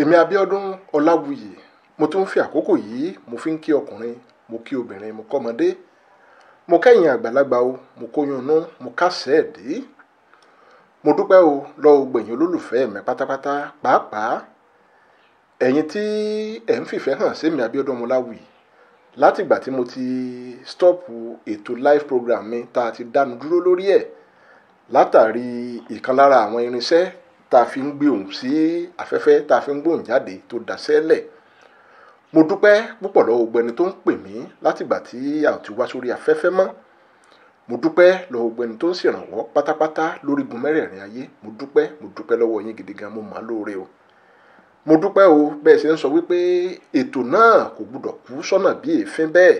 èmi Abíọ́dún Ọláwuyì mo tún fi àkókò yìí mo fi ń kí ọkùnrin mo kí obìnrin mo kọ́mọdé mo kẹ́yìn àgbàlagbà o mo kóyunnú mo kásẹ̀ dé mo dúpẹ́ o lọ́wọ́ gbẹ̀yìn olólùfẹ́ mi pátápátá pàápàá ẹ̀yin tí ẹ̀ ń fìfẹ́ hàn sí mi Abíọ́dún Ọláwuyì látìgbà tí mo ti stọ́ọ̀pù ètò live program mi tá a ti dánu dúró lórí ẹ̀ látàrí ìkan lára àwọn irinṣẹ́ tá a fi ń gbé òun sí afẹ́fẹ́ tá a fi ń gbóhùn jáde tó daṣẹ́lẹ̀ mo dúpẹ́ púpọ̀ lọ́wọ́ gbogbo ẹni tó ń pè mí látìgbà tí a ò ti wá sórí afẹ́fẹ́ mọ́ mo dúpẹ́ lọ́wọ́ gbogbo ẹni tó ń ṣèrànwọ́ pátápátá lórí gun mẹ́rẹ̀ẹ̀rin ayé mo dúpẹ́ mo dúpẹ́ lọ́wọ́ yín gidi gan mo mà lóore o mo dúpẹ́ o bẹ́ẹ̀ ṣe ń sọ wípé ètò náà kò gbúdọ̀ kú sọ́nà bí èéfín bẹ́ẹ̀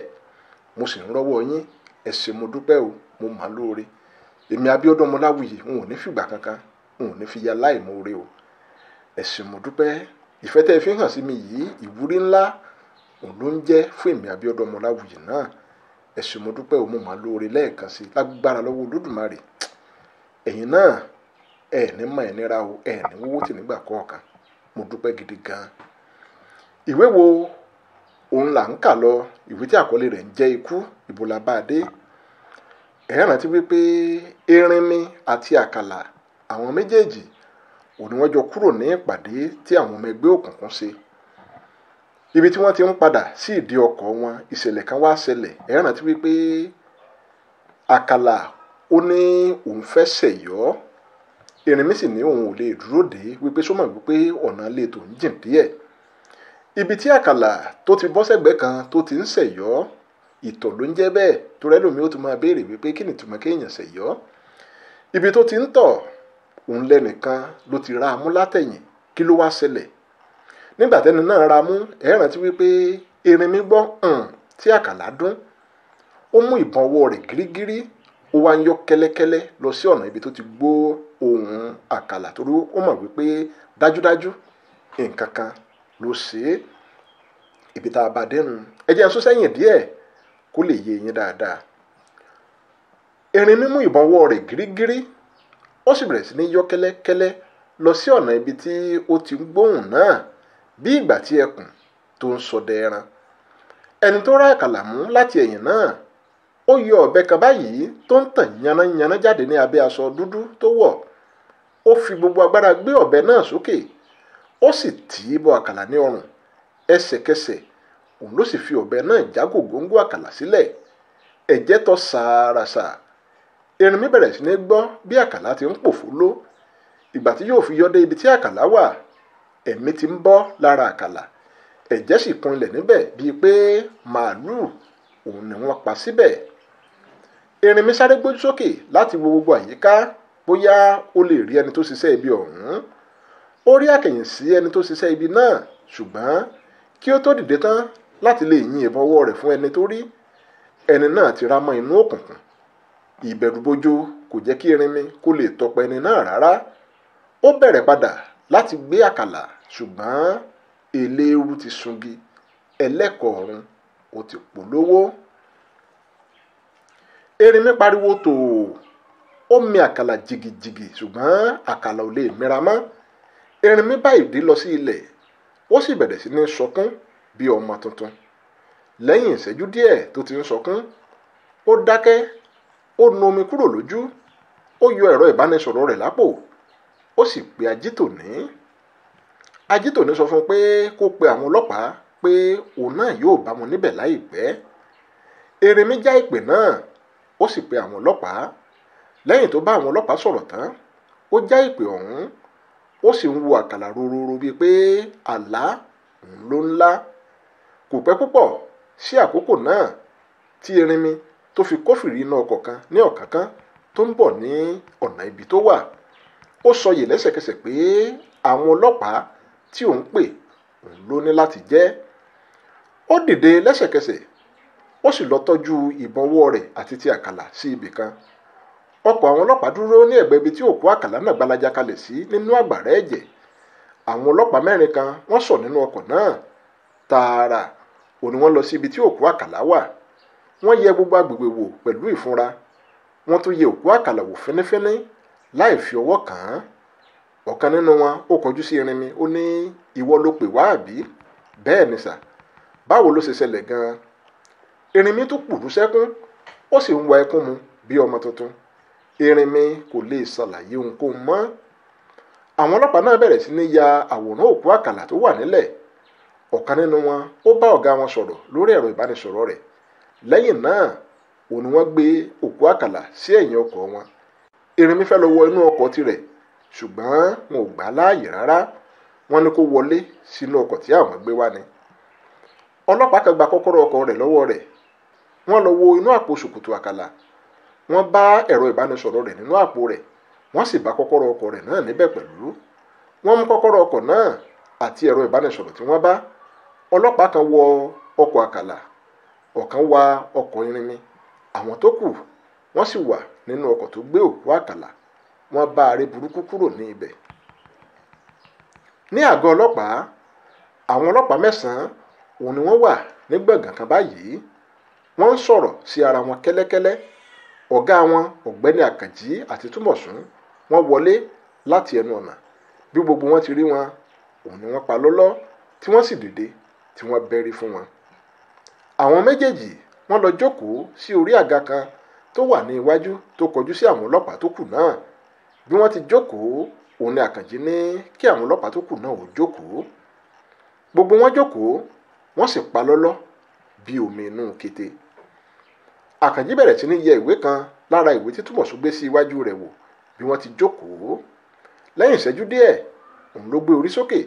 mo sì ń rọ́wọ́ yín ẹ mo dúpẹ́ o mo mà á lóore èmi Abíọ́dún Ọmọláwùyí n ò ní fìgbà kankan n ò ní fi ya láì moore o ẹ̀sìn mo dúpẹ́ sí mi yìí ìwúrí ńlá òun ló ń jẹ́ fún èmi Abíọ́dún Ọmọláwùyí náà ẹ̀sìn mo dúpẹ́ o mo lóore lẹ́ẹ̀kan sí o ní tì nígbà wo òun là ń kà lọ ìwé tí àkọlé ń ikú àwọn méjèèjì ò ní wọ́n jọ kúrò ní ìpàdé tí àwọn ọmọ ẹgbẹ́ òkùnkùn ṣe ibi tí wọ́n ti ń padà sí ìdí ọkọ̀ wọn ìṣẹ̀lẹ̀ kan wá ṣẹlẹ̀ ẹ rántí wípé àkàlà ó ní òun fẹ́ ṣẹ̀yọ́ Ìrìnmí sì ní òun ò lè dúró dé wípé sọmọ wípé ọ̀nà lè tó ń jìn díẹ̀ ibi tí àkàlà tó ti bọ́ sẹ́gbẹ́ kan tó ti ń ṣẹ̀yọ́ ìtọ̀ ló ń jẹ́ bẹ́ẹ̀ tó ó ti máa béèrè wípé kí ni ìtumọ̀ kéèyàn ṣẹ̀yọ́ ibi tó ti ń tọ̀ òun lẹ́nìkan ló ti ra amú látẹ̀yìn kí ló wá ṣẹlẹ̀ nígbà tẹ́ni náà ra mú ẹ̀ràn ti wípé erin mi gbọ́ tí àkàlà dún ó mú ìbọn ọwọ́ rẹ̀ gírígírí ó wá ń yọ kẹ́lẹ́kẹ́lẹ́ lọ sí ọ̀nà ibi tó ti gbọ́ ohùn àkàlà torí ó mọ̀ wípé dájúdájú nǹkan kan ló ṣe é ibi tá a bá dẹnu ẹ jẹ́ sún sẹ́yìn díẹ̀ kó lè yé yín dáadáa erin mímú ìbọn ọwọ́ rẹ̀ gírígírí ó sì bẹ̀rẹ̀ sí ní yọ́ kẹ́lẹ́kẹ́lẹ́ lọ sí ọ̀nà ibi tí ó ti ń gbóhùn náà bí ìgbà tí ẹkùn tó ń ṣọdẹ ẹran ẹni tó rá àkàlà mú láti ẹ̀yìn náà ó yọ ọ̀bẹ kan báyìí tó ń tàn yánnayànna jáde ní abẹ́ aṣọ dúdú tó wọ̀ ó fi gbogbo agbára gbé ọ̀bẹ náà sókè ó sì tì í bọ àkàlà ní ọrùn ẹsẹ̀kẹsẹ̀ òun ló sì fi ọ̀bẹ náà já gògóńgó àkàlà sílẹ̀ ẹ̀jẹ̀ tọ́ Erinmi bẹ̀rẹ̀ sí ní gbọ́ bí àkàlà ti ń pòfóló ìgbà tí yóò fi yọdé ibi tí àkàlà wà ẹ̀mí ti ń bọ́ lára àkàlà ẹ̀jẹ̀ sì kunlẹ̀ níbẹ̀ bíi pé màálùú òun ni wọ́n pa síbẹ̀ Erinmi sáré gbójú sókè láti wo gbogbo àyíká bóyá ó lè rí ẹni tó ṣiṣẹ́ ibi ọ̀hún ó rí àkẹ̀yìn sí ẹni tó ṣiṣẹ́ ibi náà ṣùgbọ́n kí ó tó dìde tán láti lè yin ìbọn ọwọ́ rẹ̀ fún ẹni tó rí ẹni náà ti rá mọ́ inú òkùnkùn ìbẹ̀rùbojo kò jẹ́ kí irin mi kó lè tọpa ẹni náà rárá ó bẹ̀rẹ̀ padà láti gbé àkàlà ṣùgbọ́n eléérú ti sungi ẹlẹ́kọ̀ọ́run ó ti polówó erin mi pariwo tòò ó mi àkàlà jìgìjìgì ṣùgbọ́n àkàlà ò lè mira mọ́ erin mi bá ìdí lọ sí ilẹ̀ ó sì bẹ̀rẹ̀ sí ní sọkún bí ọmọ tuntun lẹ́yìn ìṣẹ́jú díẹ̀ tó ti ń sọkún ó dákẹ́ ó nu omi kúrò lójú ó yọ ẹ̀rọ ìbánisọ̀rọ̀ rẹ̀ lápò ó sì pe ajítòní ajítòní sọ fún un pé kó pe àwọn ọlọ́pàá pé òun náà yóò bá wọn níbẹ̀ láìpẹ́ Erinmi já ìpè náà ó sì pe àwọn ọlọ́pàá lẹ́yìn tó bá àwọn ọlọ́pàá sọ̀rọ̀ tán ó já ìpè ọ̀hún ó sì ń wo àkàlà rororo bíi pé àlá òun ló ńlá kò pẹ́ púpọ̀ sí àkókò náà tí Erinmi tó fi kófìrí iná ọkọ kan ní kan tó ń bọ̀ ní ọ̀nà ibi tó wà ó sọyè lẹ́sẹ̀kẹsẹ̀ pé àwọn ọlọ́pàá tí òun pè òun ló ní láti jẹ́ ó dìde lẹ́sẹ̀kẹsẹ̀ ó sì lọ tọ́jú ìbọn ọwọ́ rẹ̀ àti ti àkàlà sí ibì kan ọkọ̀ àwọn ọlọ́pàá dúró ní ẹ̀gbẹ́ ibi tí òkú àkàlà náà gbalaja kalẹ̀ sí nínú àgbàrá ẹ̀jẹ̀ àwọn ọlọ́pàá mẹ́rin kan wọ́n sọ nínú ọkọ̀ náà tààrà ni wọ́n lọ sí ibi tí òkú àkàlà wà wọ́n yẹ gbogbo agbègbè wò pẹ̀lú ìfúnra wọ́n tún yẹ òkú àkàlà wò fínífíní láì fi ọwọ́ kàn án ọ̀kan nínú wọn ó kọjú sí irinmi ó ní ìwọ ló pè wá àbí bẹ́ẹ̀ ni sà báwo ló ṣe ṣẹlẹ̀ gan-an irinmi tún pùrú sẹ́kún ó sì ń wa ẹkún mu bí ọmọ tuntun irinmi kò lè ṣàlàyé ohunkóhun mọ́ àwọn ọlọ́pàá náà bẹ̀rẹ̀ sí ní ya àwòrán òkú àkàlà tó wà nílẹ̀ ọ̀kan nínú wọn ó bá ọ̀gá wọn sọ̀rọ̀ lórí ẹ̀rọ ìbánisọ̀rọ̀ rẹ̀ lẹ́yìn náà òun ni wọ́n gbé òkú àkàlà sí ẹ̀yìn ọkọ̀ wọn Erinmi fẹ́ lọ wọ inú ọkọ̀ tirẹ̀ ṣùgbọ́n wọn ò gbà á láàyè rárá wọ́n ní kó wọlé sínú ọkọ̀ tí àwọn gbé wá ni ọlọ́pàá kan gba kọ́kọ́rọ́ ọkọ̀ rẹ̀ lọ́wọ́ rẹ̀ wọ́n lọ wo inú àpò ṣòkòtò àkàlà wọ́n bá ẹ̀rọ ìbánisọ̀rọ̀ rẹ̀ nínú àpò rẹ̀ wọ́n sì bá kọ́kọ́rọ́ ọkọ̀ rẹ̀ náà níbẹ̀ pẹ̀lú wọ́n mú kọ́kọ́rọ́ ọkọ̀ náà àti ẹ̀rọ ìbánisọ̀rọ̀ tí wọ́n bá ọlọ́pàá kan wọ ọkọ̀ àkàlà ọ̀kan wa ọkọ̀ irin ni àwọn tó kù wọ́n sì wà nínú ọkọ̀ tó gbé òkú àkàlà wọ́n bá aré burúkú kúrò ní ibẹ̀. ní àgọ́ ọlọ́pàá àwọn ọlọ́pàá mẹ́sàn-án òun ni wọ́n wà ní gbọ̀ngàn kan báyìí wọ́n ń sọ̀rọ̀ sí ara wọn kẹ́lẹ́kẹ́lẹ́ ọ̀gá wọn ọ̀gbẹ́ni àkànjí àti túmọ̀sún wọ́n wọlé láti ẹnu ọ̀nà bí gbogbo wọn ti rí wọn òun ni wọ́n pa lọ́lọ́ tí wọ́n sì dìde tí wọ́n bẹ́rí fún wọn àwọn méjèèjì wọ́n lọ jókòó sí orí àga kan tó wà ní iwájú tó kọjú sí àwọn ọlọ́pàá tó kù náà bí wọ́n ti jókòó òun ni àkànjí ní kí àwọn ọlọ́pàá tó kù náà ò jókòó gbogbo wọn jókòó wọ́n sì pa lọ́lọ́ bí omi inú kété àkànjí bẹ̀rẹ̀ sí ní yẹ ìwé kan lára ìwé tí Túnbọ̀sún sí iwájú rẹ̀ wò bí wọ́n ti jókòó lẹ́yìn ìṣẹ́jú díẹ̀ òun ló gbé orí sókè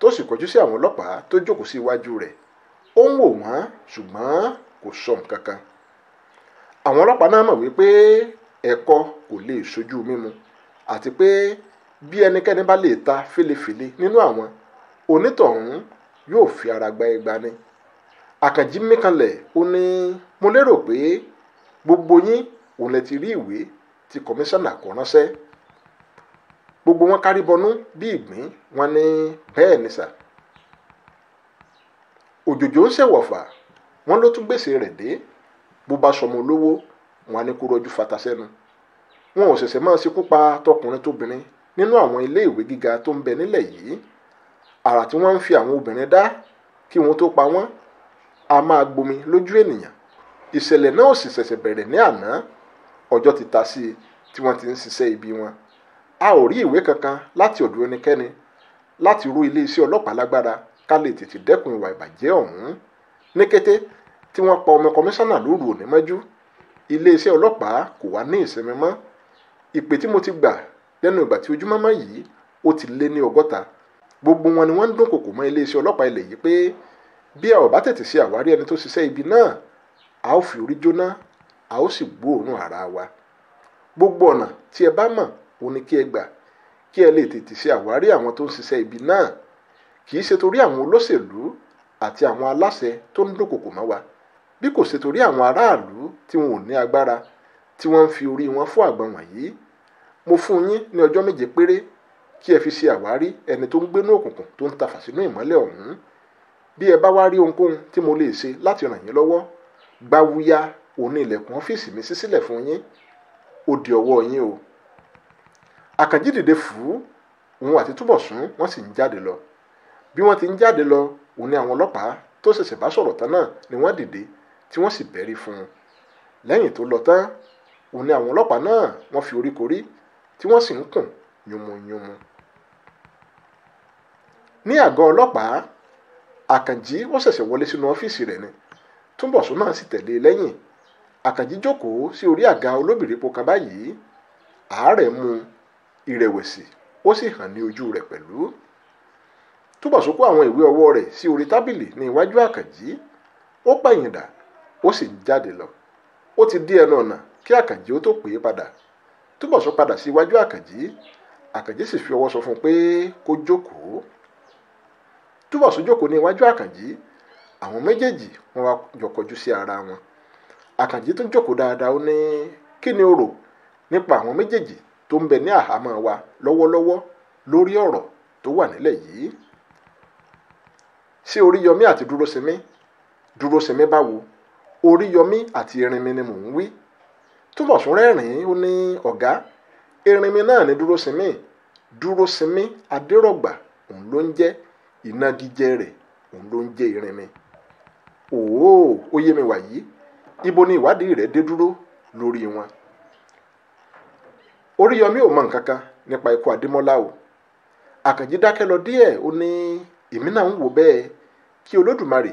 tó sì kọjú sí àwọn ọlọ́pàá tó jókòó sí iwájú rẹ̀ ó ń wò wọ́n ṣùgbọ́n kò sọ nǹkan kan àwọn ọlọ́pàá náà mọ̀ wípé ẹ̀kọ kò lè ṣojú mímu àti pé bí ẹnikẹ́ni bá lè ta fèlèfèlè nínú àwọn onítọ̀hún yóò fi ara gba ẹgba ni àkànjí mìkanlẹ̀ ó ní mo lérò pé gbogbo yín òun lè ti rí ìwé ti kọmíṣánná kọ ránṣẹ́ gbogbo wọn kárí bọnú bí ìgbín wọn ní bẹ́ẹ̀ ni sà òjòjò ń ṣèwọ̀fà wọ́n ló tún gbèsè rẹ̀ dé bó bá sọmọ olówó wọn á ní kó rọjú fata sẹ́nu wọn ò ṣẹ̀ṣẹ̀ máa ṣekú pa tọkùnrin tóbìnrin nínú àwọn ilé ìwé gíga tó ń bẹ nílẹ̀ yìí àrà tí wọ́n ń fi àwọn obìnrin dá kí wọ́n tó pa wọ́n a máa gbomi lójú ènìyàn ìṣẹ̀lẹ̀ náà sì ṣẹ̀ṣẹ̀ bẹ̀rẹ̀ ní àná ọjọ́ ti ta sí i tí wọ́n ti ń ṣiṣẹ́ ibi wọn a ò rí ìwé kankan láti ọ̀dọ̀ ẹnikẹ́ni láti rú iléeṣẹ́ ọlọ́pàá lágbára ká lè tètè dẹ́kun ìwà ìbàjẹ́ ọ̀hún ní kété tí wọ́n pa ọmọ kọmíṣánná lóru òní mọ́jú iléeṣẹ́ ọlọ́pàá kò wá ní ìsinmi mọ́ ìpè tí mo ti gbà lẹ́nu ìgbà tí ojúmọ́mọ́ yìí ó ti lé ní ọgọ́ta gbogbo wọn ni wọ́n ń dúnkòkò mọ́ iléeṣẹ́ ọlọ́pàá ilẹ̀ yìí pé bí a ò bá tètè ṣe àwárí ẹni tó ṣiṣẹ́ ibi náà a ó fi orí jóná a ó sì gbóòórùn ara wa gbogbo ọ̀nà tí ẹ bá mọ̀ òun ni kí ẹ gbà kí ẹ lè tètè ṣe àwárí àwọn tó ń ṣiṣẹ́ ibi náà kì í ṣe torí àwọn olóṣèlú àti àwọn aláṣẹ tó ń dúnkòkò mọ́ wa bí kò ṣe torí àwọn aráàlú tí wọn ò ní agbára tí wọ́n ń fi orí wọn fún àgbọn wọ̀nyí mo fún yín ní ọjọ́ méje péré kí ẹ fi ṣe àwárí ẹni tó ń gbénú òkùnkùn tó ń tafà sínú ìmọ́lẹ̀ ọ̀hún bí ẹ bá wá rí ohunkóhun tí mo lè ṣe láti ràn yín lọ́wọ́ gbáwúyá òun ní ilẹ̀kùn ọ́fíìsì mi ṣí fún yín ó ọwọ́ yín o àkànjí dìde fùú òun àti túbọ̀sún wọ́n sì ń jáde lọ bí wọ́n ti ń jáde lọ òun ni àwọn ọlọ́pàá tó ṣẹ̀ṣẹ̀ bá sọ̀rọ̀ tán náà ni wọ́n dìde tí wọ́n sì bẹ́rí fún un lẹ́yìn tó lọ tán òun ni àwọn ọlọ́pàá náà wọ́n fi oríkorí tí wọ́n sì ń kùn yùmùyùmù. ní àgọ́ ọlọ́pàá àkànjí wọ́n ṣẹ̀ṣẹ̀ wọlé sínú ọ́fíìsì rẹ̀ ni túnbọ̀sún náà sì tẹ̀lé e lẹ́yìn àkànjí jókòó sí orí àga olóbìrípo kan báyìí àárẹ̀ mú ìrẹ̀wẹ̀sì ó sì hàn ní ojú rẹ̀ pẹ̀lú túbọ̀sún kó àwọn ìwé ọwọ́ rẹ̀ sí orí tábìlì ní iwájú àkànjí ó pẹ̀yìn dà ó sì jáde lọ ó ti dé ẹnu ọ̀nà kí àkànjí ó tó pè é padà túbọ̀sún padà sí iwájú àkànjí àkànjí sì fi ọwọ́ sọ fún un pé kó jókòó túbọ̀sún jókòó ní iwájú àkànjí àwọn méjèèjì wọn wá jọ kọjú sí ara wọn àkànjí tó jókòó dáadáa ó ní kí ni o rò nípa àwọn méjèèjì tó ń bẹ ní àhámọ́ wa lọ́wọ́lọ́wọ́ lórí ọ̀rọ̀ tó wà nílẹ̀ yìí sí Oríyọmí àti Dúróṣinmí Dúróṣinmí báwo Oríyọmí àti Erinmi ni mò ń wí Túnbọ̀sún rẹ́rìn-ín ó ní ọ̀gá Erinmi náà ni Dúróṣinmí Dúróṣinmí Adérọ̀gbà òun ló ń jẹ́ ìnagijẹ rẹ̀ òun ló ń jẹ́ Erinmi òó ó yé mi wàyí ibo ni ìwádìí rẹ̀ dé dúró lórí wọn Oríyọmí ò mọ nǹkan kan nípa ikú Adémọ́lá o Àkànjí dákẹ́ lọ díẹ̀ ó ní èmi náà ń wò bẹ́ẹ̀ kí olódùmarè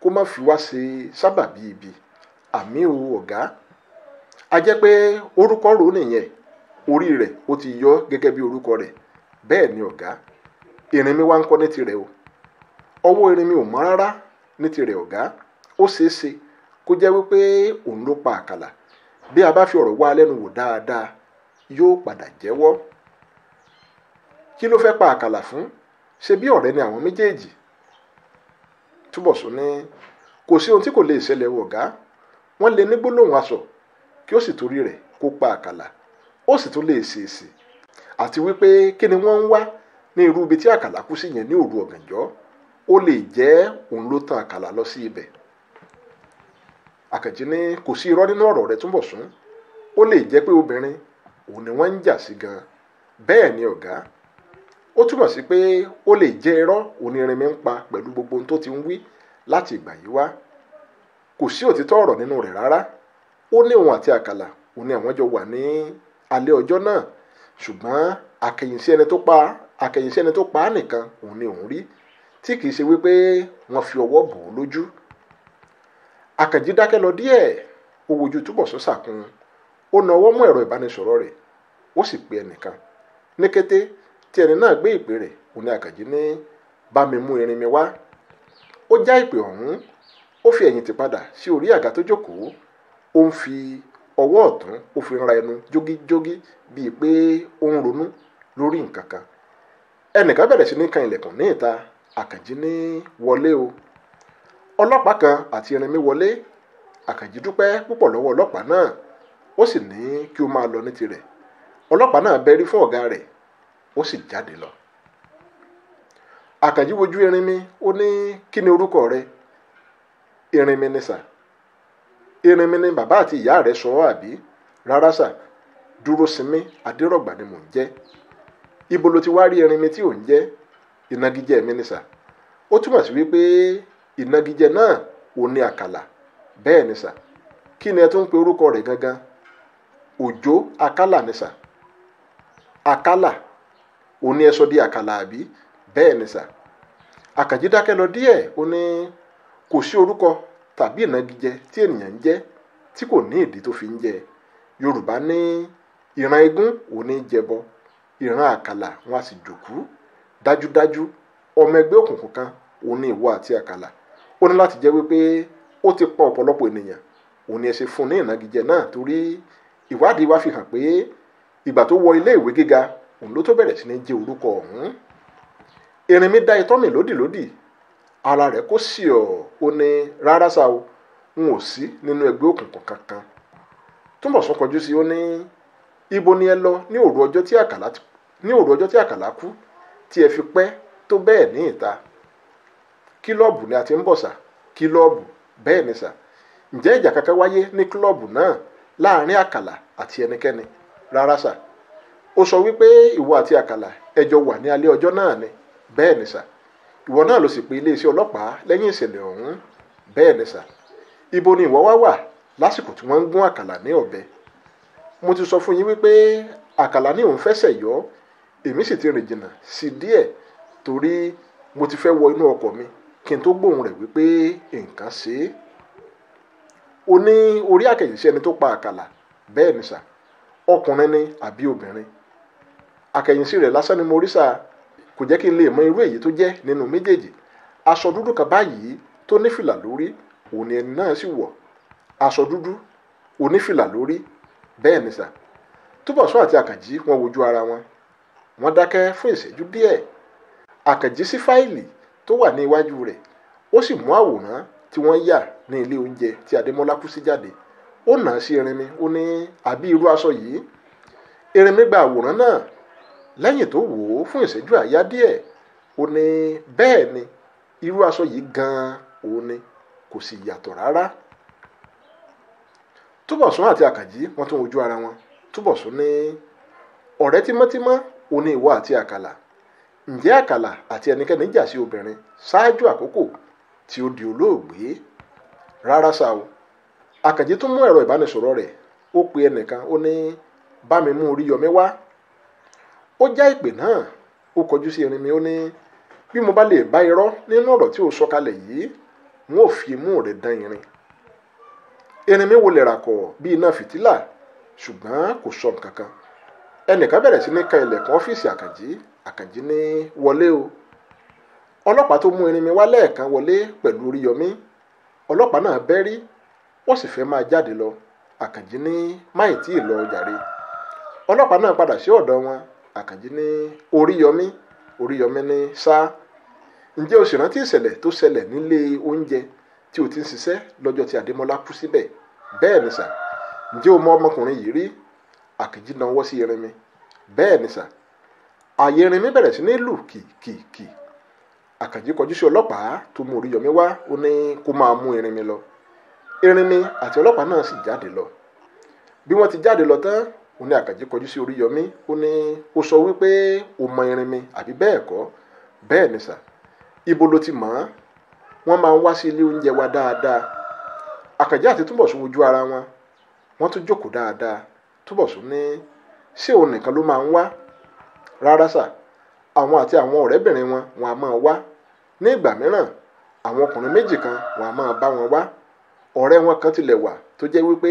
kó má fi wá ṣe sábàbí ibi àmì o ọ̀gá a jẹ́ pé orúkọ rò nìyẹn orí rẹ̀ ó ti yọ gẹ́gẹ́ bí orúkọ rẹ̀ bẹ́ẹ̀ ni ọ̀gá Erinmi wá ń kọ́ ní tirẹ̀ o ọwọ́ Erinmi ò mọ́ rárá ní tirẹ̀ ọ̀gá ó ṣeé ṣe kó jẹ́ wípé òun ló pa àkàlà bí a bá fi ọ̀rọ̀ wá lẹ́nu wò dáadáa yóò padà jẹ́wọ́ kí ló fẹ́ pa àkàlà fún ṣe bí ọ̀rẹ́ ni àwọn méjèèjì túbọ̀sún ní kò sí ohun tí kò lè ṣẹlẹ̀ ọ̀gá wọ́n lè ní gbólóhùn aṣọ kí ó sì torí rẹ̀ kó pa àkàlà ó sì tún lè ṣèèṣì àti wípé kí ni wọ́n ń wá ní irú ibi tí àkàlà kú sí yẹn ní òru ọ̀gànjọ́ ó lè jẹ́ òun ló tan àkàlà lọ sí ibẹ̀ àkànjí ní kò sí irọ́ nínú ọ̀rọ̀ rẹ̀ túbọ̀sún ó lè jẹ́ pé obìnrin òun ni wọ́n ń jà sí gan bẹ́ẹ̀ ni ọ̀gá ó túmọ̀ sí pé ó lè jẹ́ irọ́ onírin mi ń pa pẹ̀lú gbogbo ohun tó ti ń wí láti ìgbà yìí wá kò sí òtítọ́ ọ̀rọ̀ nínú rẹ̀ rárá ó ní òun àti àkàlà òun ni àwọn jọ wà ní alẹ́ ọjọ́ náà ṣùgbọ́n àkẹ̀yìnsí ẹni tó pa àkẹ̀yìnsí ẹni tó pa á nìkan òun ni òun rí tí kìí ṣe wípé wọ́n fi ọwọ́ bò ó lójú àkànjí dákẹ́ lọ díẹ̀ ó wojú túbọ̀ sún sàkún ó na ọwọ́ mú ẹ̀rọ ìbánisọ̀rọ̀ rẹ̀ ó sì pe ẹnìkan ní kété tí ẹni náà gbé ìpè rẹ̀ òun ni àkànjí ní bá mi mú irin mi wá ó já ìpè ọ̀hún ó fi ẹ̀yìn ti padà sí orí àga tó jókòó ó ń fi ọwọ́ ọ̀tún ó fi ra ẹnu jógíjógí bíi pé ó ń ronú lórí nǹkan kan ẹnìkan bẹ̀rẹ̀ sí ní kan ilẹ̀kùn ní ìta o ọlọ́pàá kan àti wọlé dúpẹ́ púpọ̀ lọ́wọ́ ọlọ́pàá náà ó sì ní kí ó máa lọ ní tirẹ̀ ọlọ́pàá náà bẹ̀rí fún ọ̀gá ó sì jáde lọ àkànjí wojú erinmi ó ní kí ni orúkọ rẹ erinmi ni sà erinmi ni bàbá àti ìyá rẹ sọ ọ àbí rárá sà dúró sinmi ni mò ń jẹ́ ibo ló ti wá rí erinmi tí ò ń jẹ́ ìnagijẹ mi ni sà ó túmọ̀ sí wípé ìnagijẹ náà ò ní àkàlà bẹ́ẹ̀ ni sà kí ni ẹ tún ń pe orúkọ rẹ̀ gangan òjò akálà ni sà akálà ó ní ẹsọ di àkàlà àbí bẹ́ẹ̀ ni sà àkànjí dákẹ́ lọ díẹ̀ ó ní kò sí orúkọ tàbí ìnagijẹ tí ènìyàn ń jẹ́ tí kò ní ìdí tó fi ń jẹ yorùbá ní ìran igún ò ní jẹbọ ìran àkàlà wọn a sì jòkú dájúdájú ọmọ ẹgbẹ́ òkùnkùn kan ò ìwọ àti àkàlà ó ní láti jẹ́ wípé ó ti pa ọpọlọpọ ènìyàn ò ẹsẹ fún ní ìnagijẹ náà torí ìwádìí wa fi hàn pé ìgbà tó wọ ilé ìwé gíga òun ló tó bẹ̀rẹ̀ sí ní jẹ orúkọ ọ̀hún Erinmi dá itọ́ mi lódìlódì ara rẹ̀ kò sí ọ̀ ó ní rárá sa o n ò sí nínú ẹgbẹ́ òkùnkùn kankan Túnbọ̀sún kọjú sí ó ní ibo ni ẹ lọ ní òru ọjọ́ tí àkàlà kú tí ẹ fi pẹ́ tó bẹ́ẹ̀ ní ìta kílọ̀bù ni a ti ń bọ̀ sà kílọ̀bù bẹ́ẹ̀ ni sà ǹjẹ́ ìjà kankan wáyé ní kílọ̀bù náà láàrin àkàlà àti ẹnikẹ́ni rárá sà ó sọ wípé ìwọ àti àkàlà ẹjọ wà ní alẹ́ ọjọ́ náà ni bẹ́ẹ̀ ni sà ìwọ náà ló sì pe iléeṣẹ́ ọlọ́pàá lẹ́yìn ìṣẹ̀lẹ̀ ọ̀hún bẹ́ẹ̀ ni sà ibo ni ìwọ wá wà lásìkò tí wọ́n ń gún àkàlà ní ọ̀bẹ mo ti sọ fún yín wípé àkàlà ní òun fẹsẹ̀ yọ èmi sì ti rìn jìnnà sí díẹ̀ torí mo ti fẹ́ wọ inú ọkọ̀ mi kí n tó gbóhùn rẹ̀ wípé nǹkan ṣe é o ní orí àkẹ̀yẹsí ẹni tó pa àkàlà bẹ́ẹ̀ ni sà ọkùnrin ni àbí obìnrin àkẹyìnsí rẹ̀ lásán ni mo rí sà kò jẹ́ kí n lè mọ irú èyí tó jẹ́ nínú méjèèjì aṣọ dúdú kan báyìí tó nífìlà lórí òní ẹni náà sì wọ̀ aṣọ dúdú onífìlà lórí bẹ́ẹ̀ ni sà túbọ̀sún àti àkànjí wọn wojú ara wọn wọn dákẹ́ fún ìṣẹ́jú díẹ̀ àkànjí sí fáìlì tó wà ní iwájú rẹ̀ ó sì mú àwòrán tí wọ́n yà ní ilé oúnjẹ tí adémọ́lá kú sí jáde ó nà á sí erinmi ó ní àbí irú aṣọ yìí erinmi gba àwòrán náà lẹ́yìn tó wò ó fún ìṣẹ́jú àyá díẹ̀ ó ní bẹ́ẹ̀ ni irú aṣọ yìí gan-an òun ni kò sì yàtọ̀ rárá túbọ̀sún àti àkànjí wọ́n tún ojú ara wọn túbọ̀sún ní ọ̀rẹ́ tímọ́tímọ́ òun oni ìwọ àti àkàlà ǹjẹ́ àkàlà àti ẹnikẹ́ni jà sí obìnrin ṣáájú àkókò tí ó di olóògbé rárá ṣá o àkànjí tún mú ẹ̀rọ ìbánisọ̀rọ̀ rẹ̀ ó pe ẹnìkan ó ní bá mi mú orí wá ó já ìpè náà ó kọjú sí irin mi ó ní bí mo bá lè bá irọ́ nínú ọ̀rọ̀ tí o sọ kalẹ̀ yìí n ó fi imú rẹ̀ dán irin irin mi wọlé ràkọ̀ bí iná fìtílà ṣùgbọ́n kò sọ nǹkan kan ẹnìkan bẹ̀rẹ̀ sí ní kan ilẹ̀kùn ọ́fíìsì àkànjí àkànjí ní wọlé o ọlọ́pàá tó mú irin wá lẹ́ẹ̀kan wọlé pẹ̀lú oríyọmí ọlọ́pàá náà bẹ́rí wọ́n sì fẹ́ máa jáde lọ àkànjí ní máì tí ì lọ jàre ọlọ́pàá náà padà sí ọ̀dọ̀ wọn àkànjí ní oríyọmí oríyọmí ní sá ǹjẹ́ o sì rántí ìṣẹ̀lẹ̀ tó ṣẹlẹ̀ nílé oúnjẹ tí o ti ń ṣiṣẹ́ lọ́jọ́ tí adémọlá kú síbẹ̀ bẹ́ẹ̀ ni sà ǹjẹ́ o mọ ọmọkùnrin yìí rí àkànjí náwó sí irin bẹ́ẹ̀ ni sà ààyè irin mi bẹ̀rẹ̀ sí ní lù kìkìkì àkànjí kọjú sí ọlọ́pàá tó mú oríyọmí wá ó ní kó máa mú irin mi lọ irin àti ọlọ́pàá náà sì jáde lọ bí wọ́n ti jáde lọ tán ó ní àkànjí kọjú sí oríyọmí ó ní ó sọ wípé ó mọ irin mi àbí bẹ́ẹ̀ kọ́ bẹ́ẹ̀ ni sà ibo ló ti mọ̀ ọ́ wọ́n máa ń wá sí ilé oúnjẹ wa dáadáa àkànjí àti túbọ̀sún ojú ara wọn wọ́n tún jókòó dáadáa túbọ̀sún ní ṣé òun nìkan ló máa ń wá rárá sà àwọn àti àwọn ọ̀rẹ́bìnrin wọn wọn a máa wá ní ìgbà mìíràn àwọn ọkùnrin méjì kan wọn a máa bá wọn wá ọ̀rẹ́ wọn kan tilẹ̀ wà tó jẹ́ wípé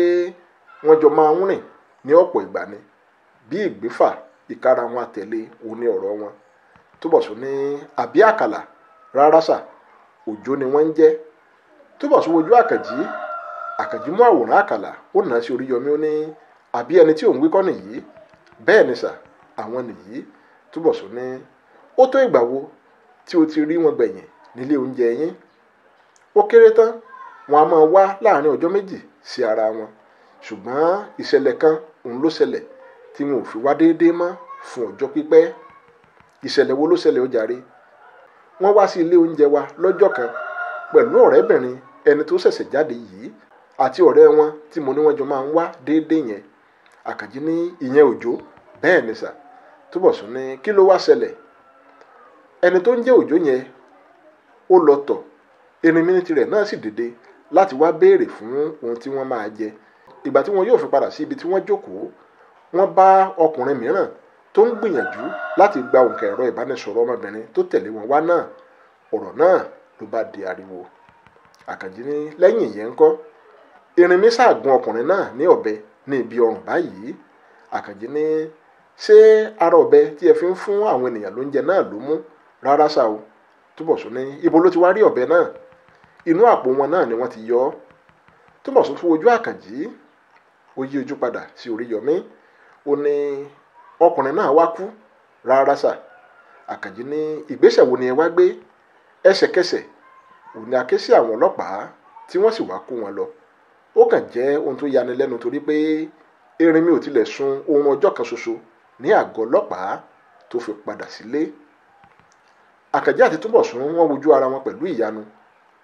wọ́n jọ máa ń rìn ní ọ̀pọ̀ ìgbà ni bí ìgbéfà ìkara wọn àtẹ̀lé òní ọ̀rọ̀ wọn túbọ̀sún ní àbí àkàlà rárá sà ni wọ́n ń jẹ́ oju wojú akaji àkànjí mú àwòrán àkàlà ó nà á sí abi ó ní àbí ẹni tí òun wíkọ́ nìyí bẹ́ẹ̀ ni sà àwọn nìyí ní ó tó o ti rí wọn gbẹ̀yìn nílé oúnjẹ yín ó kéré wọn a máa wá láàrin ọjọ́ méjì sí ara wọn ṣùgbọ́n ìṣẹ̀lẹ̀ kan òun ló ṣẹlẹ̀ tí wọn ò fi wá déédéé mọ́ fún ọjọ́ pípẹ́ ìṣẹ̀lẹ̀ wo ló ṣẹlẹ̀ ó jàre wọ́n wá sí ilé oúnjẹ wa lọ́jọ́ kan pẹ̀lú ọ̀rẹ́bìnrin ẹni tó ṣẹ̀ṣẹ̀ jáde yìí àti ọ̀rẹ́ wọn tí mo ní wọ́n jọ máa ń wá déédéé yẹn àkànjí ní ìyẹn òjò bẹ́ẹ̀ ni sà túbọ̀sùn ní kí ló wá ṣẹlẹ̀ ẹni tó ń jẹ́ òjò yẹn ó lọ tọ̀ erinmi tirẹ̀ náà sì dìde láti wá béèrè fún ohun tí wọ́n máa jẹ ìgbà tí wọn yóò fi padà sí ibi tí wọ́n jókòó wọ́n bá ọkùnrin mìíràn tó ń gbìyànjú láti gba òǹkà ẹ̀rọ ìbánisọ̀rọ̀ ọmọbìnrin tó tẹ̀lé wọn wá náà ọ̀rọ̀ náà ló bá di ariwo àkànjí ní lẹ́yìn ìyẹn ńkọ́ irin mi ṣàgùn ọkùnrin náà ní ọ̀bẹ ní ibi ọrùn báyìí àkànjí ní ṣé ara ọ̀bẹ tí ẹ fi ń fún àwọn ènìyàn lóúnjẹ náà ló mú rárá ṣá o túbọ̀ sún ní ibo ló ti wá rí ọ̀bẹ náà inú àpò wọn náà ni wọ́n ti yọ ọ́ tí mọ̀sún fún ojú àkànjí ó yí ojú padà sí Oríyọmí ó ní ọkùnrin náà wá kú rárá sà àkànjí ní ìgbésẹ̀ wo ni ẹ wá gbé ẹsẹ̀kẹsẹ̀ òní aké sí àwọn ọlọ́pàá tí wọ́n sì wá kó wọn lọ ó kàn jẹ́ ohun tó yani lẹ́nu torí pé erinmi ò tilẹ̀ sun ohun ọjọ́ kan ṣoṣo ní àgọ́ ọlọ́pàá tó fi padà sílé àkànjí àti túbọ̀sún wọn wojú ara wọn pẹ̀lú ìyanu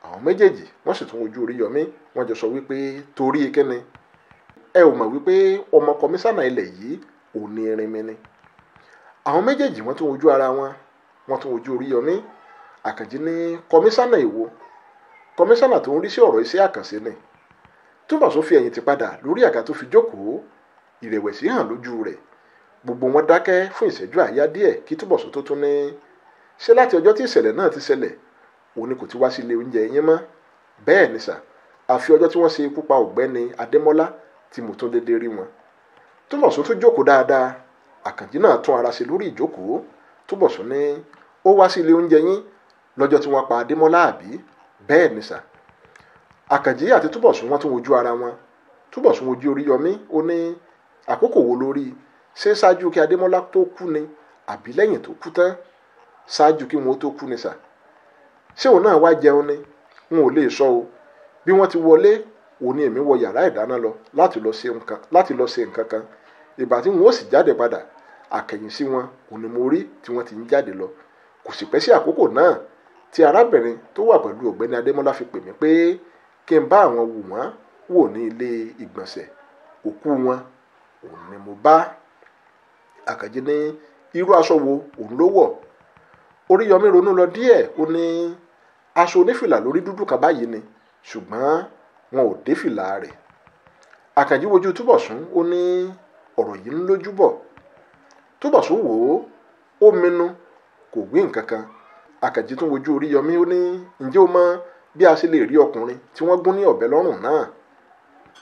àwọn méjèèjì wọ́n sì tún ojú orí yọmí wọ́n jọ sọ wípé torí kíni ẹ ò mọ̀ wípé ọmọ kọmísánná ilẹ̀ yìí ò ní irin mi ni àwọn méjèèjì wọ́n tún ojú ara wọn wọ́n tún ojú orí yọmí àkànjí ní kọmísánná èwo kọmísánná tó ń rí sí ọ̀rọ̀ iṣẹ́ àkànṣe ni túbọ̀sún fi ẹ̀yìn ti padà lórí àga tó fi jókòó ìrẹ̀wẹ̀sì hàn lójú rẹ̀ gbogbo wọn dákẹ́ fún ìṣẹ́jú àáyá díẹ̀ kí túbọ̀sún tó tún ní ṣé láti ọjọ́ tí ìṣẹ̀lẹ̀ náà ti ṣẹlẹ̀ òun ni kò ti wá sí ilé oúnjẹ yín mọ́ bẹ́ẹ̀ ni sà àfi ọjọ́ tí wọ́n ṣe ikú pa ọ̀gbẹ́ni adémọ́lá tí mo tún dédé rí wọn túbọ̀sún tún jókòó dáadáa àkànjí náà tún ara ṣe lórí ìjókòó túbọ̀sún ní ó wá sí ilé oúnjẹ yín lọ́jọ́ tí wọ́n pa adémọ́lá àbí bẹ́ẹ̀ ni sà àkànjí àti túbọ̀sún wọn tún wojú ara wọn túbọ̀sún wojú oríyọmí ó ní àkókò wo lórí ṣé ṣáájú kí adémọ́lá tó kú ni àbí lẹ́yìn tó kú tán ṣáájú kí wọn ó tó kú ni sà ṣé òun náà wá jẹun ni n ò lè sọ o bí wọ́n ti wọlé òun ni èmi wọ yàrá ìdáná lọ láti lọ ṣe nǹkan láti lọ ṣe nǹkan kan ìgbà tí wọn ó sì jáde padà àkẹyìn sí wọn òun ni mo rí tí wọ́n ti ń jáde lọ kò sì pẹ́ sí àkókò náà tí arábìnrin tó wà pẹ̀lú ọ̀gbẹ́ni adémọ́lá fi pè mí pé kí n bá àwọn wù wọ́n wò ní ilé ìgbọ̀nsẹ̀ òkú wọn òun ni mo bá àkànjí ní irú aṣọ wo òun ló wọ̀ oríyọmí ronú lọ díẹ̀ ó ní. Ni aṣọ onífìlà lórí dúdú kan báyìí ni ṣùgbọ́n wọn ò dé fìlà rẹ̀ àkànjí wojú túbọ̀sún ó ní ọ̀rọ̀ yìí ń lójú bọ̀ túbọ̀sún wò ó ó minú kò gbé nǹkan kan àkànjí tún wojú Oríyọmí ó ní ǹjẹ́ o mọ̀ bí a ṣe lè rí ọkùnrin tí wọ́n gún ní ọ̀bẹ lọ́rùn náà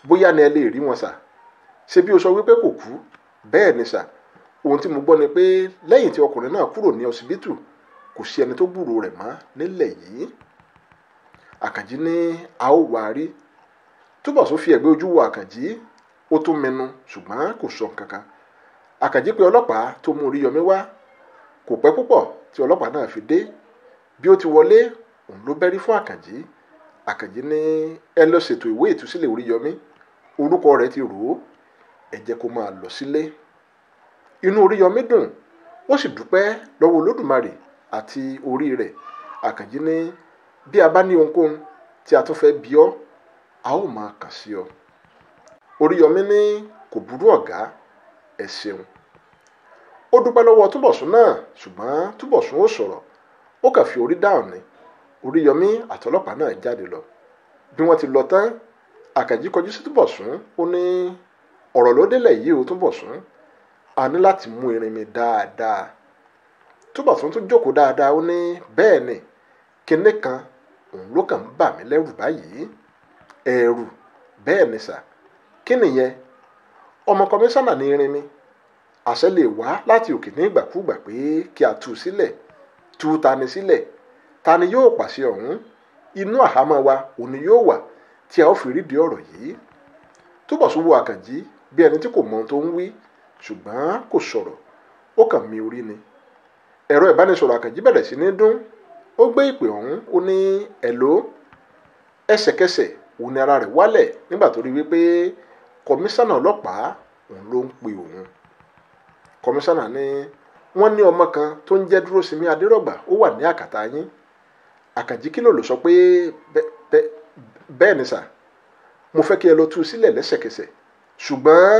bóyá ni ẹ lè rí wọn sà ṣé bí o sọ wípé kò kú bẹ́ẹ̀ ni sà ohun tí mo gbọ́ ni pé lẹ́yìn tí ọkùnrin náà kúrò ní ọsibítù kò sí ẹni tó gbúrò rẹ̀ mọ́ nílẹ̀ yìí àkànjí ní a ó wá rí túbọ̀ sọ fi ẹ̀gbẹ́ ojú wo àkànjí ó tún mẹnu ṣùgbọ́n kò sọ kankan àkànjí pé ọlọ́pàá tó mú oríyọmí wá kò pẹ́ púpọ̀ tí ọlọ́pàá náà fi dé bí ó ti wọlé òun ló bẹ́rí fún àkànjí àkànjí ní ẹ lọ ṣètò ìwé ìtúsílẹ̀ oríyọmí orúkọ rẹ̀ ti rò ó ẹ jẹ́ kó máa lọ sílé inú oríyọmí dùn ó sì dúpẹ́ lọ́wọ́ olódùmarè àti orí rẹ̀ àkànjí ní bí a bá ní ohunkóhun tí a tún fẹ́ bi ọ́ a ó máa kàn sí ọ. Oríyọmí ní kò burú ọ̀gá ẹ ṣeun. ó dúpẹ́ lọ́wọ́ Túbọ̀sún náà ṣùgbọ́n Túbọ̀sún ò sọ̀rọ̀ ó kàn fi orí dáhùn ni Oríyọmí àtọlọ́pàá náà jáde lọ. bí wọ́n ti lọ tán àkànjí kọjú sí Túbọ̀sún ó ní ọ̀rọ̀ ló délẹ̀ yìí ó Túbọ̀sún a ní láti mú irin mi dáadáa túbọ̀sún tún jókòó dáadáa ó ní bẹ́ẹ̀ ni kinní kan òun ló kàn ń bà mí lẹ́rù báyìí ẹ̀rù bẹ́ẹ̀ ni sà kí nìyẹn ọmọ kọmíṣánná ní irin mi àṣẹ lè wá láti òkè ní pé a sílẹ̀ tani sílẹ̀ tani yóò pàṣẹ ọ̀hún inú àhámọ́ wa yóò wà tí a ó fi rídìí ọ̀rọ̀ yìí túbọ̀sún wo àkànjí bí ẹni mọ ohun tó ń wí ṣùgbọ́n kò sọ̀rọ̀ ó ni ẹ̀rọ ìbánisọ̀rọ̀ àkànjí bẹ̀rẹ̀ sí ní dún ó gbé ìpè ọ̀hún ó ní ẹ̀ló ẹsẹ̀kẹsẹ̀ òun ni ara rẹ̀ wálẹ̀ nígbà tó rí wípé kọmísánà ọlọ́pàá òun ló ń pè òun kọmísánà ní wọ́n ní ọmọ kan tó ń jẹ́ Dúróṣinmí ó wà ní àkàtà yín sọ pé bẹ́ẹ̀ ni sà mo fẹ́ kí ẹ lọ tú sílẹ̀ lẹ́sẹ̀kẹsẹ̀ ṣùgbọ́n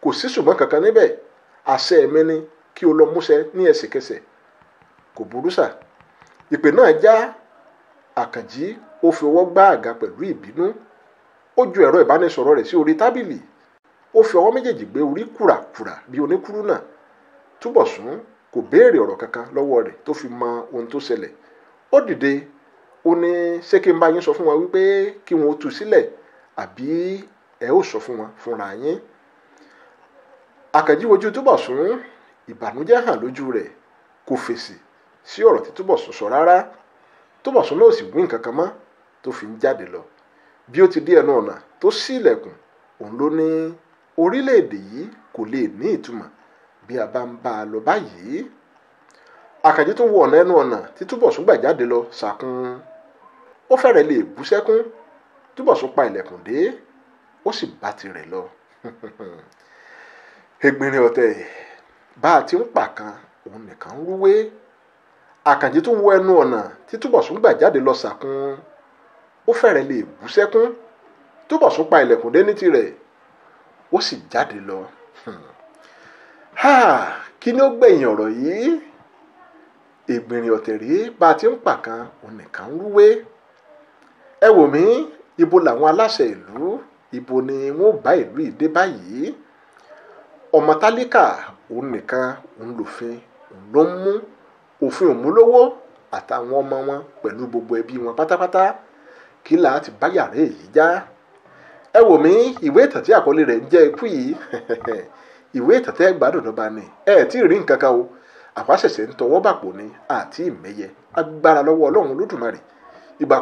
kò ni kí o lọ múṣẹ ní ẹsẹ̀kẹsẹ̀ kò burú sà ìpè náà já àkànjí ó fi ọwọ́ gbá àga pẹ̀lú ìbínú ó ju ẹ̀rọ ìbánisọ̀rọ̀ rẹ̀ sí orí tábìlì ó fi ọwọ́ méjèèjì gbé orí kùràkùrà bí oníkúrú náà túbọ̀sún kò béèrè ọ̀rọ̀ kankan lọ́wọ́ rẹ̀ tó fi mọ ohun tó ṣẹlẹ̀ ó dìde ó ní ṣé kí n bá yín sọ fún wọn wípé kí wọn ó tú sílẹ̀ àbí ẹ ó sọ fún wọn fúnra yín àkànjí wojú túbọ̀sún ìbànújẹ́ hàn lójú rẹ̀ kò fèsì sí ọ̀rọ̀ tí Túbọ̀sún sọ rárá Túbọ̀sún náà sì wí nǹkan kan mọ́ tó fi ń jáde lọ bí ó ti dé ẹnu ọ̀nà tó sí ilẹ̀kùn òun ló ní orílẹ̀-èdè yìí kò lè ní ìtumọ̀ bí a bá ń bá a lọ báyìí tó wọ ọ̀nà ẹnu ọ̀nà pa ilẹ̀kùn dé ó sì lọ ọ̀tẹ̀ bá a ti nìkan ń àkànjí tún wọ ẹnu ọ̀nà tí túbọ̀sùn gbà jáde lọ sàkún ó fẹ́rẹ̀ lè bú sẹ́kún túbọ̀sùn pa ilẹ̀kùn dé ní tirẹ̀ ó sì jáde lọ. Hmm. kí ni ó gbẹ̀yìn ọ̀rọ̀ yìí ìgbìnrin ọ̀tẹ̀rí bá a ti ń pàkan òun nìkan ń rúwé ẹ wò mí ibo làwọn aláṣẹ ìlú ibo ni wọn ò bá ìlú yìí dé báyìí ọmọ tálíkà òun nìkan òun lòfin òun ló ń mú. òfin òmúlówó àtàwọn ọmọ wọn pẹ̀lú gbogbo ẹbí wọn pátápátá kí là á ti bá yàrá èyí já ẹ wò mí ìwé ìtàn tí àkọlé rẹ̀ ń jẹ́ ikú yìí ìwé ìtàn tẹ́ gbádùn ló ẹ tí ì rí nǹkan kan o ń tọwọ́ bàpò ni àti agbára lọ́wọ́ ọlọ́run a bá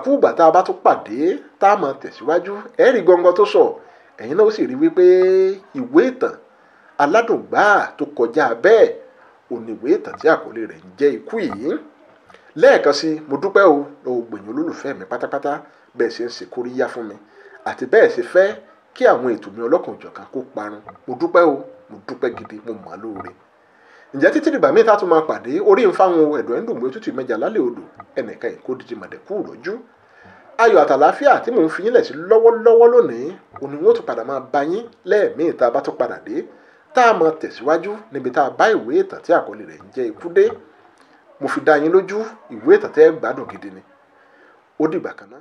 pàdé tá a tẹ̀síwájú ẹ rí oníwé ìtàn tí àkọlé rẹ̀ ń jẹ́ ikú yìí lẹ́ẹ̀kan sí mo dúpẹ́ o lọ gbẹ̀yìn olólùfẹ́ mi pátápátá bẹ́ẹ̀ ṣe ń ṣe kóríyá fún mi àti bẹ́ẹ̀ ṣe fẹ́ kí àwọn ètò mi ọlọ́kan òjọ̀kan kó parun mo dúpẹ́ o mo dúpẹ́ gidi mo mọ̀ lóore ǹjẹ́ títí dìgbà míì tá a tún máa pàdé orí ń fáwọn ẹ̀dọ̀ ń dùn mọ́ etútù ìmẹ̀jà lálẹ́ odò ẹnìkan ìkó dídì mọ̀dẹ̀kú lójú ayọ̀ àtàlàáfíà tí mò ń fi yín lẹ̀ sí lọ́wọ́lọ́wọ́ lónìí òní wọn tún padà máa bá yín lẹ́ẹ̀mí ìta bá tún padà dé tá a mọ̀ tẹ̀síwájú níbi tá a bá ìwé ìtàn tí àkọlé rẹ̀ ń jẹ́ ikú dé mo fi dá yín lójú ìwé ìtàn tẹ́ gbádùn gidi ni ó dìgbà kan náà.